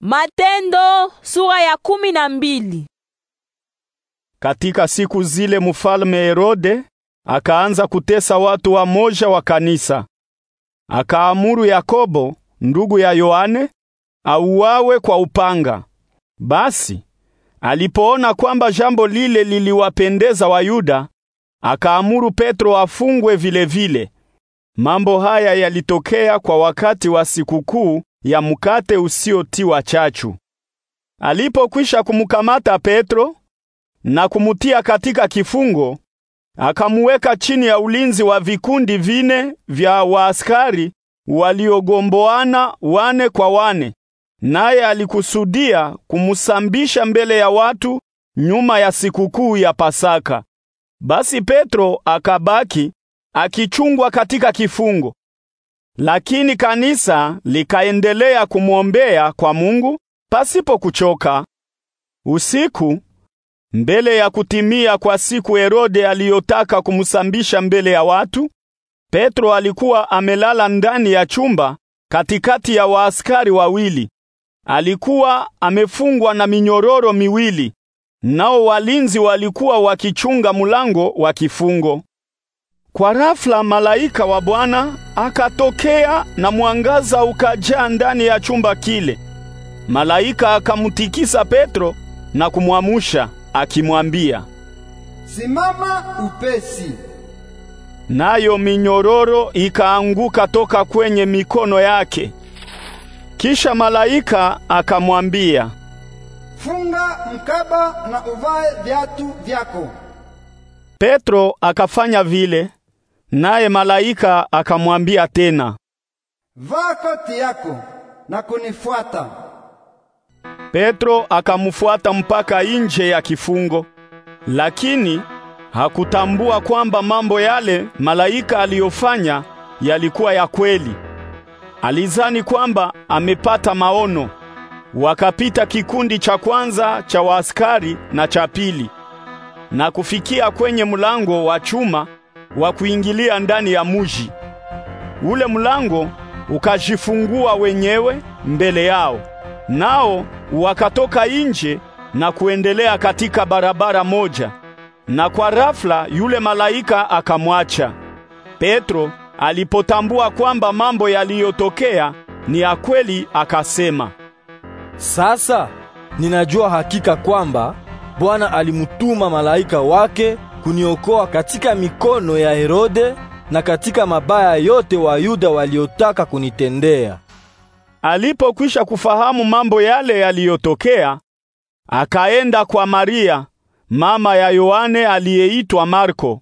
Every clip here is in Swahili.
Matendo sura ya kumi na mbili. Katika siku zile mfalme Herode akaanza kutesa watu wa moja wa kanisa. Akaamuru Yakobo ndugu ya Yohane auawe kwa upanga. Basi alipoona kwamba jambo lile liliwapendeza Wayuda, akaamuru Petro afungwe vile vile. Mambo haya yalitokea kwa wakati wa sikukuu ya mkate usiotiwa chachu. Alipokwisha kumkamata Petro na kumutia katika kifungo, akamuweka chini ya ulinzi wa vikundi vine vya waaskari waliogomboana wane kwa wane, naye alikusudia kumsambisha mbele ya watu nyuma ya sikukuu ya Pasaka. Basi Petro akabaki akichungwa katika kifungo. Lakini kanisa likaendelea kumwombea kwa Mungu pasipo kuchoka. Usiku mbele ya kutimia kwa siku Herode aliyotaka kumsambisha mbele ya watu, Petro alikuwa amelala ndani ya chumba katikati ya waaskari wawili. Alikuwa amefungwa na minyororo miwili, nao walinzi walikuwa wakichunga mulango wa kifungo. Kwa rafla malaika wa Bwana akatokea na mwangaza ukajaa ndani ya chumba kile. Malaika akamtikisa Petro na kumwamusha akimwambia, Simama upesi. Nayo minyororo ikaanguka toka kwenye mikono yake. Kisha malaika akamwambia, Funga mkaba na uvae viatu vyako. Petro akafanya vile. Naye malaika akamwambia tena, vaa koti yako na kunifuata. Petro akamfuata mpaka nje ya kifungo, lakini hakutambua kwamba mambo yale malaika aliyofanya yalikuwa ya kweli. Alizani kwamba amepata maono. Wakapita kikundi cha kwanza cha waaskari na cha pili, na kufikia kwenye mlango wa chuma wa kuingilia ndani ya muji. Ule mlango ukajifungua wenyewe mbele yao, nao wakatoka nje na kuendelea katika barabara moja, na kwa rafla yule malaika akamwacha Petro. Alipotambua kwamba mambo yaliyotokea ni ya kweli, akasema, sasa ninajua hakika kwamba Bwana alimtuma malaika wake kuniokoa katika mikono ya Herode na katika mabaya yote Wayuda waliotaka kunitendea. Alipokwisha kufahamu mambo yale yaliyotokea, akaenda kwa Maria mama ya Yohane aliyeitwa Marko.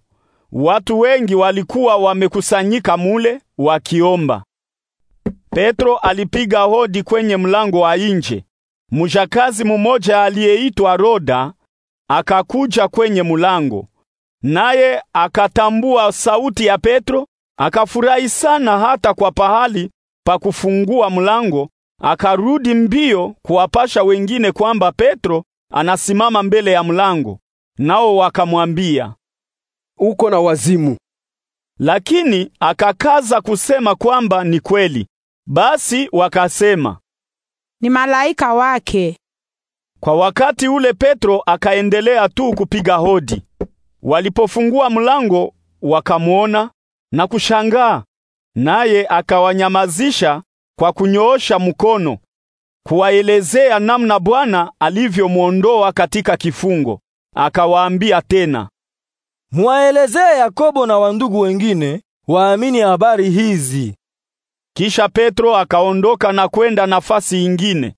Watu wengi walikuwa wamekusanyika mule wakiomba. Petro alipiga hodi kwenye mlango wa nje. Mujakazi mmoja aliyeitwa Roda akakuja kwenye mulango naye akatambua sauti ya Petro, akafurahi sana hata kwa pahali pa kufungua mlango, akarudi mbio kuwapasha wengine kwamba Petro anasimama mbele ya mlango, nao wakamwambia, uko na wazimu. Lakini akakaza kusema kwamba ni kweli. Basi wakasema ni malaika wake. Kwa wakati ule Petro akaendelea tu kupiga hodi. Walipofungua mlango wakamwona na kushangaa, naye akawanyamazisha kwa kunyoosha mkono kuwaelezea namna Bwana alivyomwondoa katika kifungo. Akawaambia tena, mwaelezee Yakobo na wandugu wengine waamini habari hizi. Kisha Petro akaondoka na kwenda nafasi ingine.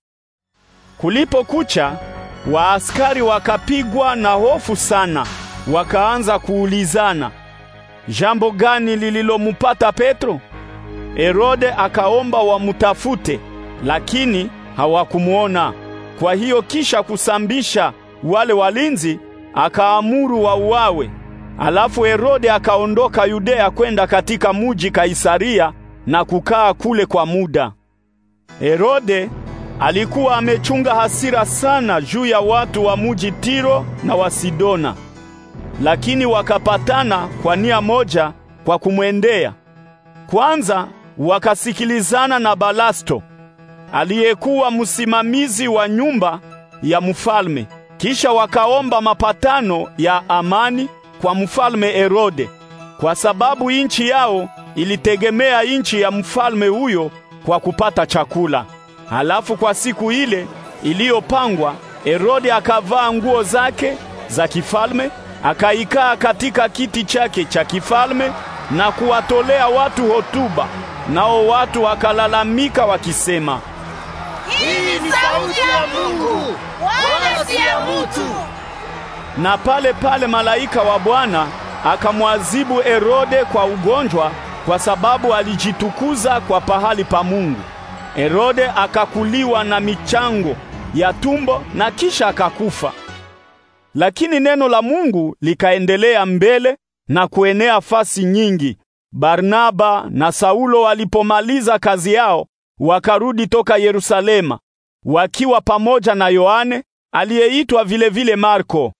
Kulipokucha, waaskari wakapigwa na hofu sana wakaanza kuulizana, jambo gani lililomupata Petro? Herode akaomba wamutafute, lakini hawakumwona. Kwa hiyo kisha kusambisha wale walinzi, akaamuru wauawe. Alafu Herode akaondoka Yudea kwenda katika muji Kaisaria na kukaa kule kwa muda. Herode alikuwa amechunga hasira sana juu ya watu wa muji Tiro na wa Sidona lakini wakapatana kwa nia moja kwa kumwendea. Kwanza wakasikilizana na Balasto aliyekuwa msimamizi wa nyumba ya mfalme, kisha wakaomba mapatano ya amani kwa mfalme Herode, kwa sababu nchi yao ilitegemea nchi ya mfalme huyo kwa kupata chakula. Halafu kwa siku ile iliyopangwa, Herode akavaa nguo zake za kifalme akaikaa katika kiti chake cha kifalme na kuwatolea watu hotuba, nao watu wakalalamika wakisema, hii ni sauti ya Mungu wala si ya mtu. Na pale pale malaika wa Bwana akamwazibu Herode kwa ugonjwa, kwa sababu alijitukuza kwa pahali pa Mungu. Herode akakuliwa na michango ya tumbo na kisha akakufa. Lakini neno la Mungu likaendelea mbele na kuenea fasi nyingi. Barnaba na Saulo walipomaliza kazi yao, wakarudi toka Yerusalema wakiwa pamoja na Yohane aliyeitwa vilevile Marko.